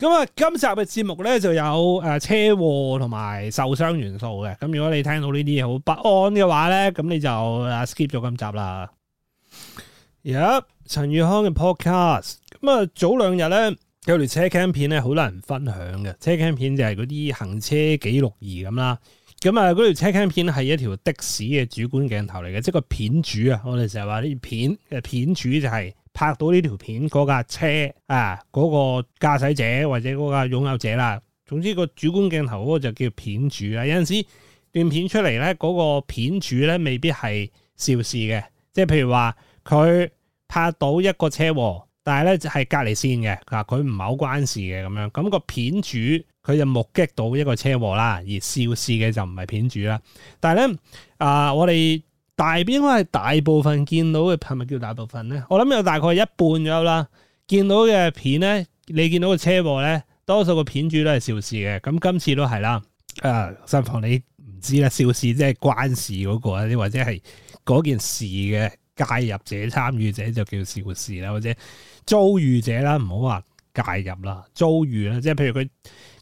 咁啊，今集嘅節目咧就有誒車禍同埋受傷元素嘅。咁如果你聽到呢啲嘢好不安嘅話咧，咁你就 skip 咗今集啦。yep 陳宇康嘅 podcast，咁啊早兩日咧有條車 cam 片咧好多人分享嘅。車 cam 片就係嗰啲行車記錄儀咁啦。咁啊嗰條車 cam 片係一條的士嘅主觀鏡頭嚟嘅，即係個片主啊，我哋成日話呢片嘅片主就係、是。拍到呢條片嗰架、嗰個、車啊，嗰、嗰個駕駛者或者嗰個擁有者啦，總之個主觀鏡頭嗰就叫片主啦。有陣時段片出嚟咧，嗰、嗰個片主咧未必係肇事嘅，即係譬如話佢拍到一個車禍，但係咧係隔離線嘅，嗱佢唔係好關事嘅咁樣。咁、嗰個片主佢就目擊到一個車禍啦，而肇事嘅就唔係片主啦。但係咧啊，我哋。大應該係大部分見到嘅係咪叫大部分咧？我諗有大概一半左右啦，見到嘅片咧，你見到嘅車禍咧，多數個片主都係嘅係、呃、係係肇事嘅，咁今次都係啦。啊，順便你唔知咧，肇事即係關事嗰個啊，或者係嗰件事嘅介入者、參與者就叫肇事啦，或者遭遇者啦，唔好話介入啦，遭遇啦。即、就、係、係、譬如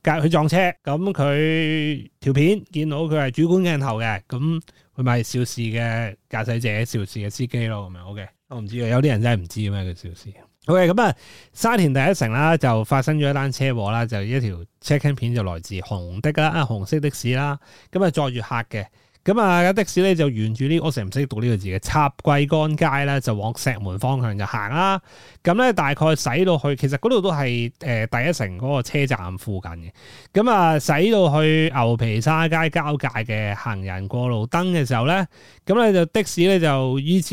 佢佢撞車，咁佢條片見到佢係主觀鏡頭嘅，咁。唔係肇事嘅駕駛者，肇事嘅司機咯，咁樣 OK。我、哦、唔知啊，有啲人真係唔知咩叫肇事。OK，咁啊，沙田第一城啦，就發生咗一單車禍啦，就一條車 cam 片就來自紅的啦，紅色的士啦，咁啊載住客嘅。咁啊，架的士咧就沿住呢，我成日唔識讀呢個字嘅插桂干街呢，就往石門方向就行啦。咁咧大概駛到去，其實嗰度都係誒第一城嗰個車站附近嘅。咁啊，駛到去牛皮沙街交界嘅行人過路燈嘅時候咧，咁咧就的士咧就依照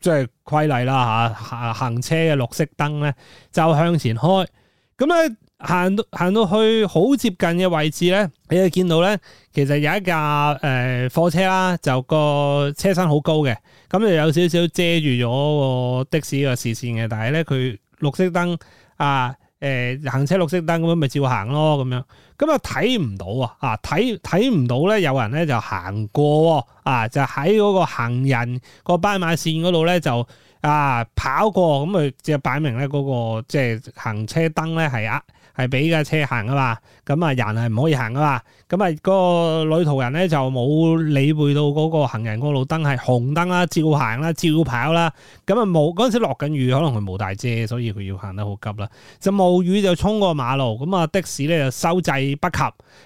即係規例啦吓，行行車嘅綠色燈咧就向前開。咁咧。行到行到去好接近嘅位置咧，你就見到咧，其實有一架誒、呃、貨車啦，就個車身好高嘅，咁就有少少遮住咗個的士個視線嘅。但係咧，佢綠色燈啊、呃，行車綠色燈咁樣咪照行咯，咁樣咁就睇唔到啊，睇睇唔到咧，有人咧就行過啊，就喺嗰個行人、個斑馬線嗰度咧就啊跑過，咁就即係擺明咧、嗰、嗰個即係、即係、行車燈咧係啊～係俾架車行噶嘛，咁啊人係唔可以行噶嘛，咁啊個女途人咧就冇理會到嗰個行人個路燈係紅燈啦，照行啦，照跑啦，咁啊冇嗰陣時落緊雨，可能佢冇大遮，所以佢要行得好急啦，就冒雨就衝過馬路，咁啊的士咧就收掣不及，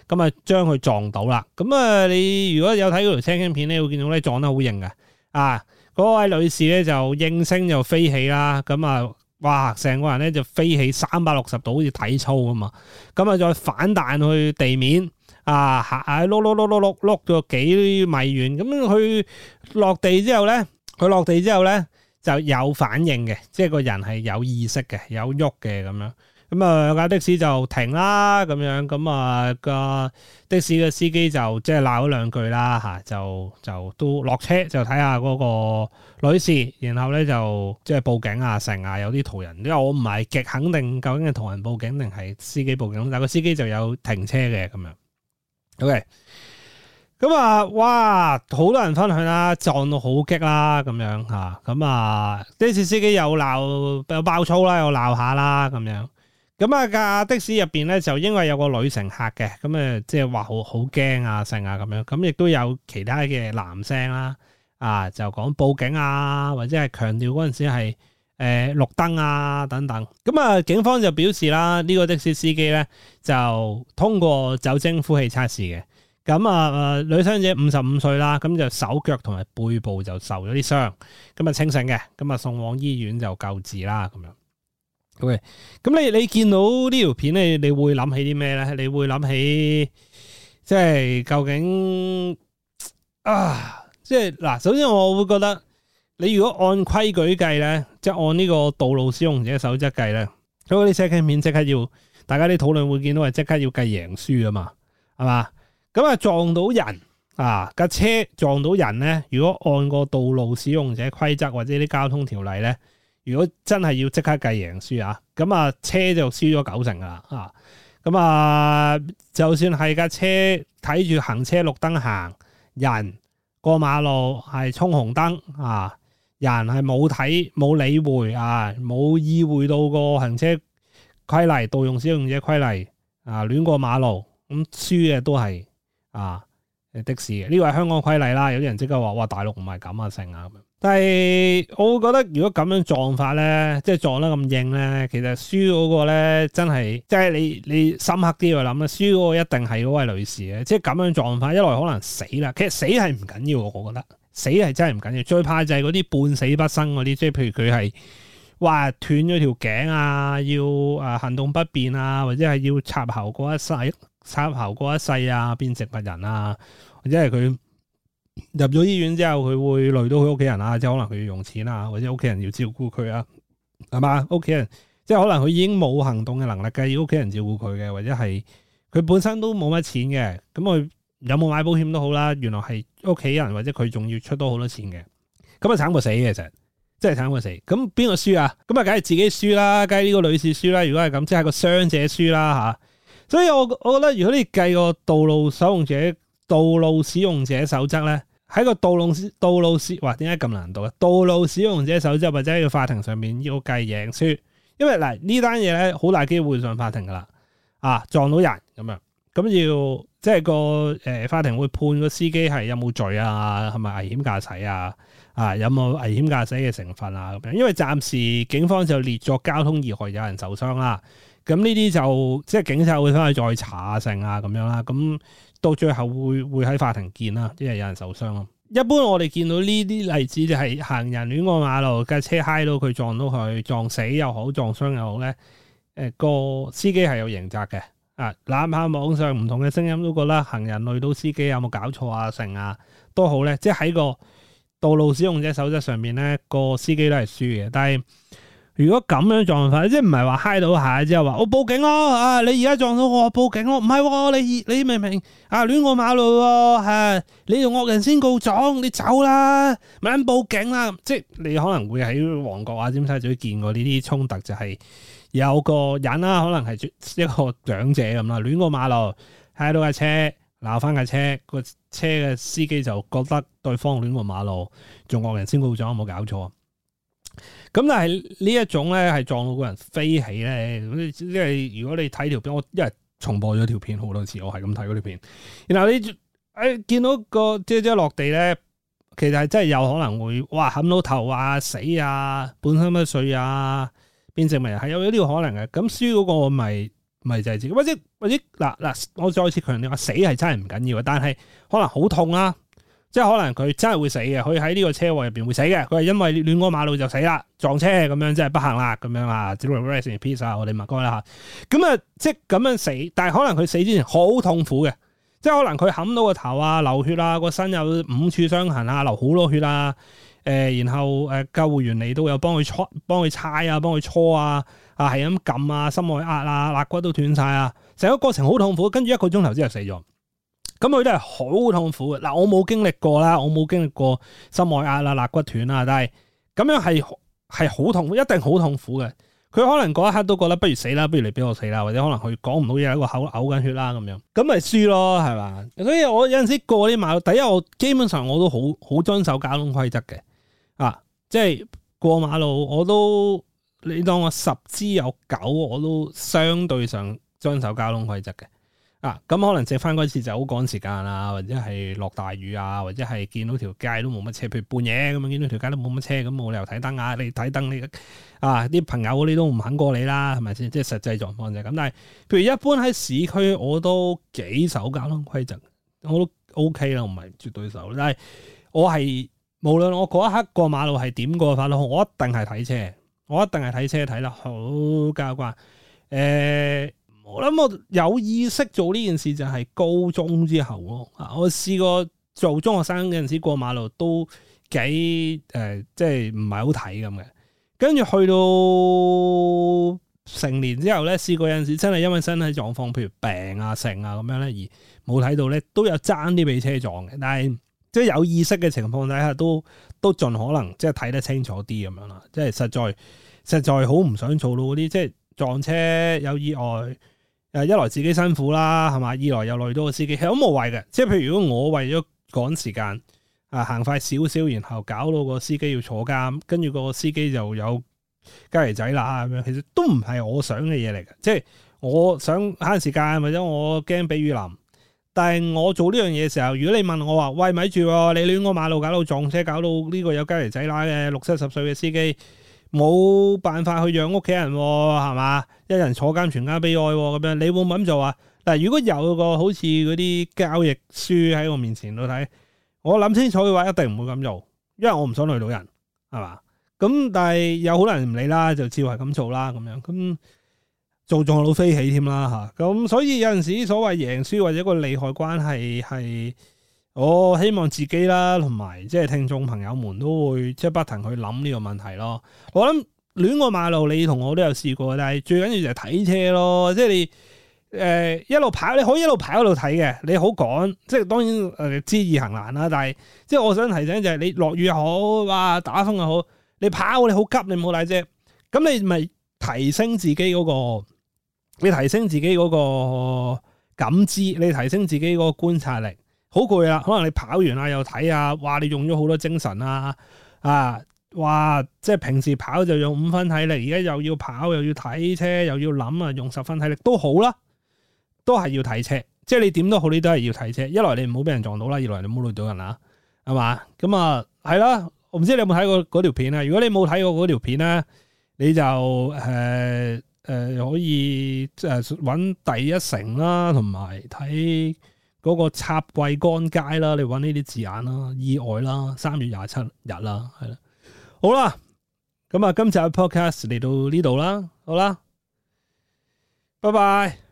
咁啊將佢撞到啦，咁啊你如果有睇嗰條聲影片咧，你會見到咧撞得好型嘅，啊嗰位女士咧就應聲就飛起啦，咁啊～哇！成個人咧就飛起三百六十度，好似體操啊嘛！咁啊，再反彈去地面啊，下下碌碌碌碌碌碌咗幾米遠。咁佢落地之後咧，佢落地之後咧就有反應嘅，即係個人係有意識嘅，有喐嘅咁樣。咁啊，架的士就停啦，咁樣，咁啊，個的士嘅司機就即係鬧咗兩句啦，吓，就就都落車就睇下嗰個女士，然後咧就即係報警啊，成啊，有啲途人，因為我唔係極肯定究竟係途人報警定係司機報警，但係個司機就有停車嘅咁樣。OK，咁啊，哇，好多人分享啦，撞到好激啦，咁樣吓，咁啊，的士司機又鬧又爆粗啦，又鬧下啦，咁樣。咁啊，架的士入邊咧就因為有個女乘客嘅，咁誒即係話好好驚啊，剩啊咁樣，咁亦都有其他嘅男聲啦、啊，啊就講報警啊，或者係強調嗰陣時係誒、呃、綠燈啊等等，咁啊警方就表示啦，呢、這個的士司機咧就通過酒精呼氣測試嘅，咁啊誒，女傷者五十五歲啦，咁就手腳同埋背部就受咗啲傷，咁啊清醒嘅，咁啊送往醫院就救治啦，咁樣。咁、okay，你你見到呢條片咧，你會諗起啲咩咧？你會諗起即係究竟啊，即係嗱，首先我會覺得，你如果按規矩計咧，即係按呢個道路使用者守則計咧，因為你寫片即刻要，大家啲討論會見到係即刻要計贏輸啊嘛，係嘛？咁啊撞到人啊架車撞到人咧，如果按個道路使用者規則或者啲交通條例咧？如果真係要即刻計贏輸啊，咁啊車就輸咗九成㗎啦啊！咁啊，就算係架車睇住行車綠燈，行人過馬路係衝紅燈啊，人係冇睇冇理會啊，冇意會到個行車規例，道路使用者規例啊，亂過馬路，咁輸嘅都係啊，的士。呢個係香港規例啦，有啲人即刻話哇，大陸唔係咁啊成啊咁但係我會覺得，如果咁樣撞法咧，即係撞得咁硬咧，其實輸嗰個咧真係，即係你你深刻啲去諗啦，輸嗰個一定係嗰位女士嘅，即係咁樣撞法，一來可能死啦，其實死係唔緊要的，我覺得死係真係唔緊要，最怕就係嗰啲半死不生嗰啲，即係譬如佢係話斷咗條頸啊，要誒、呃、行動不便啊，或者係要插喉過一世，插喉過一世啊，變植物人啊，或者係佢。入咗醫院之後，佢會累到佢屋企人啊，即係可能佢要用錢啊，或者屋企人要照顧佢啊，係嘛？屋企人即係可能佢已經冇行動嘅能力嘅，要屋企人照顧佢嘅，或者係佢本身都冇乜錢嘅，咁佢有冇買保險都好啦。原來係屋企人或者佢仲要出多好多錢嘅，咁啊慘過死嘅啫，真係慘過死。咁邊個輸啊？咁啊梗係自己輸啦，梗係呢個女士輸啦。如果係咁，即係個傷者輸啦吓。所以我我覺得，如果你計個道路使用者。道路使用者守則咧，喺個道路、道路司或點解咁難度？道路使用者守則或者喺個法庭上面要計贏輸，因為嗱呢單嘢，咧好大機會上法庭噶啦，啊撞到人咁樣，咁要即係個誒法庭會判個司機係有冇罪是是啊，係咪危險駕駛啊，啊有冇危險駕駛嘅成分啊咁樣，因為暫時警方就列作交通意外有人受傷啦，咁呢啲就即係警察會翻去再查下先啊咁樣啦，咁。到最後會會喺法庭見啦，即係有人受傷咯。一般我哋見到呢啲例子就係行人亂過馬路，架車 high 到佢撞到，佢撞死又好撞傷又好咧。誒、呃、個司機係有刑責嘅啊！嗱下網上唔同嘅聲音都覺得行人累到司機有冇搞錯啊？成啊都好咧，即係喺個道路使用者守則上面，咧，個司機都係輸嘅，但係，如果咁樣狀況，即係唔係話揩到下，之後話我報警咯、哦啊。啊，你而家撞到我，報警咯。唔係喎，你你明唔明？啊，亂過馬路喎，你用惡人先告狀，你走啦，唔好報警啦。即係你可能會喺旺角啊、尖沙咀見過呢啲衝突，就係、是、有個人啦，可能係一個長者咁啦，亂過馬路，揩到架車，鬧翻架車，個車嘅司機就覺得對方亂過馬路，仲惡人先告狀，有冇搞錯？咁但係呢一種咧，係撞到個人飛起咧，即係如果你睇條片，我一日重播咗條片好多次，我係咁睇嗰條片。然後你誒、哎、見到個即係即落地咧，其實係真係有可能會哇冚到頭啊死啊，本身咩水啊變成咪係有呢個可能嘅。咁輸嗰個咪咪就係自己，或者或者嗱嗱，我再次強調，死係真係唔緊要，但係可能好痛啊。即係可能佢真係會死嘅，佢喺呢個車禍入邊會死嘅，佢係因為亂過馬路就死啦，撞車咁樣，樣，即係不幸啦，咁樣啊，祝你萬世平安，我哋默哀啦吓。咁啊，即係咁樣死，但係可能佢死之前好痛苦嘅，即係可能佢冚到個頭啊，流血啊，個身有五處傷痕啊，流好多血啊，誒、呃，然後誒，救護員嚟到又幫佢搓，幫佢拆啊，幫佢搓啊，啊，係咁撳啊，心外壓啊，肋骨都斷晒啊，成個過程好痛苦，跟住一個鐘頭之後死咗。咁佢都係好痛苦嘅。嗱，我冇經歷過啦，我冇經歷過心外壓啦、肋骨斷啦，但係咁樣係係好痛苦，一定好痛苦嘅。佢可能嗰一刻都覺得不如死啦，不如你俾我死啦，或者可能佢講唔到嘢，一個口嘔緊血啦咁樣，咁咪輸咯係嘛？所以我有陣時過啲馬路，第一我基本上我都好好遵守交通規則嘅，啊，即係過馬路我都你當我十之有九，我都相對上遵守交通規則嘅。咁、啊嗯、可能借翻嗰次就好趕時間啊，或者係落大雨啊，或者係見到條街都冇乜車，譬如半夜咁樣見到條街都冇乜車，咁冇理由睇燈啊！你睇燈，你啊啲朋友啲都唔肯過你啦，係咪先？即係實際狀況就咁。但係譬如一般喺市區，我都幾守交通規則，我都 OK 啦，唔係絕對守。但係我係無論我嗰一刻過馬路係點過法呢？我一定係睇車，我一定係睇車睇得好交關誒。我諗我有意識做呢件事就係高中之後咯，我試過做中學生嗰陣時候過馬路都幾誒、呃，即係唔係好睇咁嘅。跟住去到成年之後咧，試過有陣時真係因為身體狀況，譬如病啊、成啊咁樣咧，而冇睇到咧，都有爭啲俾車撞嘅。但係即係有意識嘅情況底下都，都都盡可能即係睇得清楚啲咁樣啦。即係實在實在好唔想做到嗰啲，即係撞車有意外。一來自己辛苦啦，係嘛？二來又累到個司機，係好都無謂嘅。即係譬如如果我為咗趕時間，啊行快少少，然後搞到個司機要坐監，跟住個司機就有雞兒仔啦咁樣，其實都唔係我想嘅嘢嚟嘅。即係我想慳時間，或者我驚俾雨淋。但係我做呢樣嘢嘅時候，如果你問我話：喂，咪住喎！你亂過馬路，搞到撞車，搞到呢個有雞兒仔啦嘅六七十歲嘅司機。冇辦法去養屋企人係嘛，一人坐監全家悲哀咁樣，你會唔會咁做啊？但如果有個好似嗰啲交易書喺我面前度睇，我諗清楚嘅話一定唔會咁做，因為我唔想累到人係嘛。咁但係有好多人唔理啦，就照係咁做啦咁樣，咁做仲會老飛起添啦吓。咁所以有陣時所謂贏輸或者一個利害關係係。我希望自己啦，同埋即係聽眾朋友們都會即係不停去諗呢個問題咯。我諗亂過馬路，你同我都有試過，但係最緊要就係睇車咯。即係你誒、呃、一路跑，你可以一路跑一路睇嘅。你好趕，即係當然誒知易行難啦。但係即係我想提醒就係、是、你落雨又好，哇打風又好，你跑你好急，你冇帶遮，咁你咪提升自己嗰、那個，你提升自己嗰個感知，你提升自己嗰個觀察力。好攰啊，可能你跑完啊，又睇啊，哇！你用咗好多精神啊，啊，哇！即係平時跑就用五分體力，而家又要跑又要睇車又要諗啊，用十分體力都好啦、啊，都係要睇車。即係你點都好，你都係要睇車。一來你唔好俾人撞到啦，二來你冇好到人唔好累到人啦，係嘛？咁、嗯、啊，係、嗯、啦。我唔知你有冇睇過嗰條片啊。如果你冇睇過嗰條片咧，你就誒誒、呃呃、可以誒搵第一城啦、啊，同埋睇。嗰、嗰個插櫃桿街啦，你搵呢啲字眼啦，意外啦，三月廿七日啦，係啦，好啦，咁啊，今集嘅 podcast 嚟到呢度啦，好啦，拜拜。